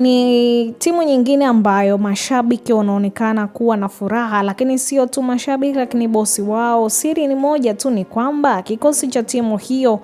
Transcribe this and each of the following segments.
Ni timu nyingine ambayo mashabiki wanaonekana kuwa na furaha, lakini sio tu mashabiki, lakini bosi wao. Siri ni moja tu, ni kwamba kikosi cha timu hiyo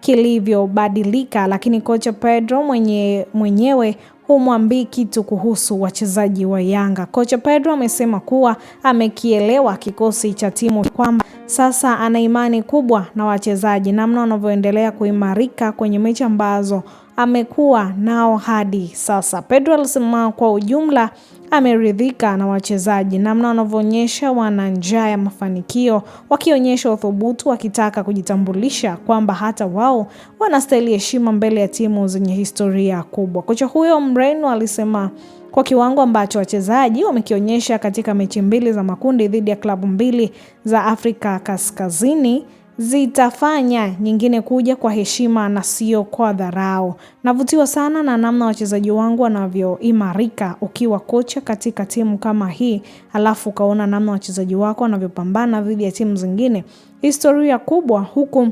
kilivyobadilika, lakini kocha Pedro mwenye, mwenyewe humwambii kitu kuhusu wachezaji wa Yanga. Kocha Pedro amesema kuwa amekielewa kikosi cha timu kwamba sasa ana imani kubwa na wachezaji namna wanavyoendelea kuimarika kwenye mechi ambazo amekuwa nao hadi sasa. Pedro alisema kwa ujumla ameridhika na wachezaji namna wanavyoonyesha wana njaa ya mafanikio, wakionyesha uthubutu, wakitaka kujitambulisha kwamba hata wao wanastahili heshima mbele ya timu zenye historia kubwa. Kocha huyo Mreno alisema kwa kiwango ambacho wachezaji wamekionyesha katika mechi mbili za makundi dhidi ya klabu mbili za Afrika Kaskazini zitafanya nyingine kuja kwa heshima na sio kwa dharau. Navutiwa sana na namna wachezaji wangu wanavyoimarika ukiwa kocha katika timu kama hii, alafu ukaona namna wachezaji wako wanavyopambana dhidi ya timu zingine. Historia kubwa huku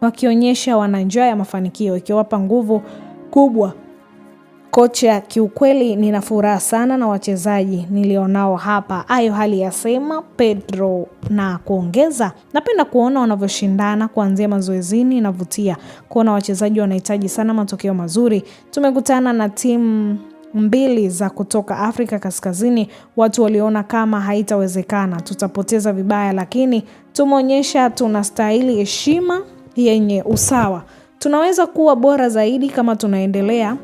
wakionyesha wana njaa ya mafanikio, ikiwapa nguvu kubwa Kocha, kiukweli nina furaha sana na wachezaji nilionao hapa, ayo hali yasema Pedro na kuongeza, napenda kuona wanavyoshindana kuanzia mazoezini, inavutia kuona wachezaji wanahitaji sana matokeo mazuri. Tumekutana na timu mbili za kutoka Afrika Kaskazini, watu waliona kama haitawezekana, tutapoteza vibaya, lakini tumeonyesha tunastahili heshima yenye usawa. Tunaweza kuwa bora zaidi kama tunaendelea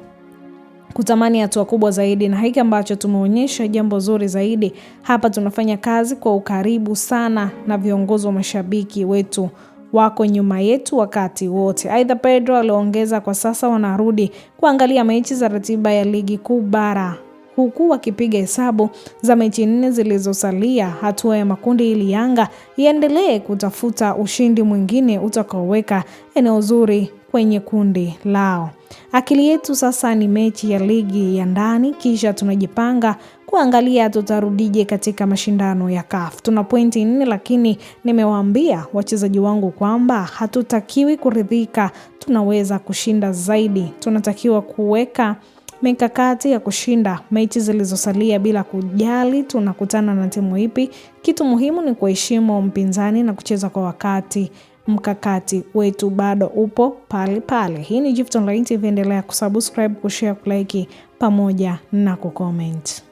kutamani hatua kubwa zaidi, na hiki ambacho tumeonyesha jambo zuri zaidi hapa. Tunafanya kazi kwa ukaribu sana na viongozi wa mashabiki wetu wako nyuma yetu wakati wote. Aidha, Pedro aliongeza, kwa sasa wanarudi kuangalia mechi za ratiba ya ligi kuu bara huku wakipiga hesabu za mechi nne zilizosalia hatua ya makundi, ili Yanga iendelee kutafuta ushindi mwingine utakaoweka eneo zuri kwenye kundi lao. Akili yetu sasa ni mechi ya ligi ya ndani, kisha tunajipanga kuangalia tutarudije katika mashindano ya CAF. Tuna pointi nne, lakini nimewaambia wachezaji wangu kwamba hatutakiwi kuridhika, tunaweza kushinda zaidi. Tunatakiwa kuweka mikakati ya kushinda mechi zilizosalia bila kujali tunakutana na timu ipi. Kitu muhimu ni kuheshimu mpinzani na kucheza kwa wakati mkakati wetu bado upo pale pale. Hii ni Gift Online TV, endelea kusubscribe, kushare, kulike pamoja na kucomment.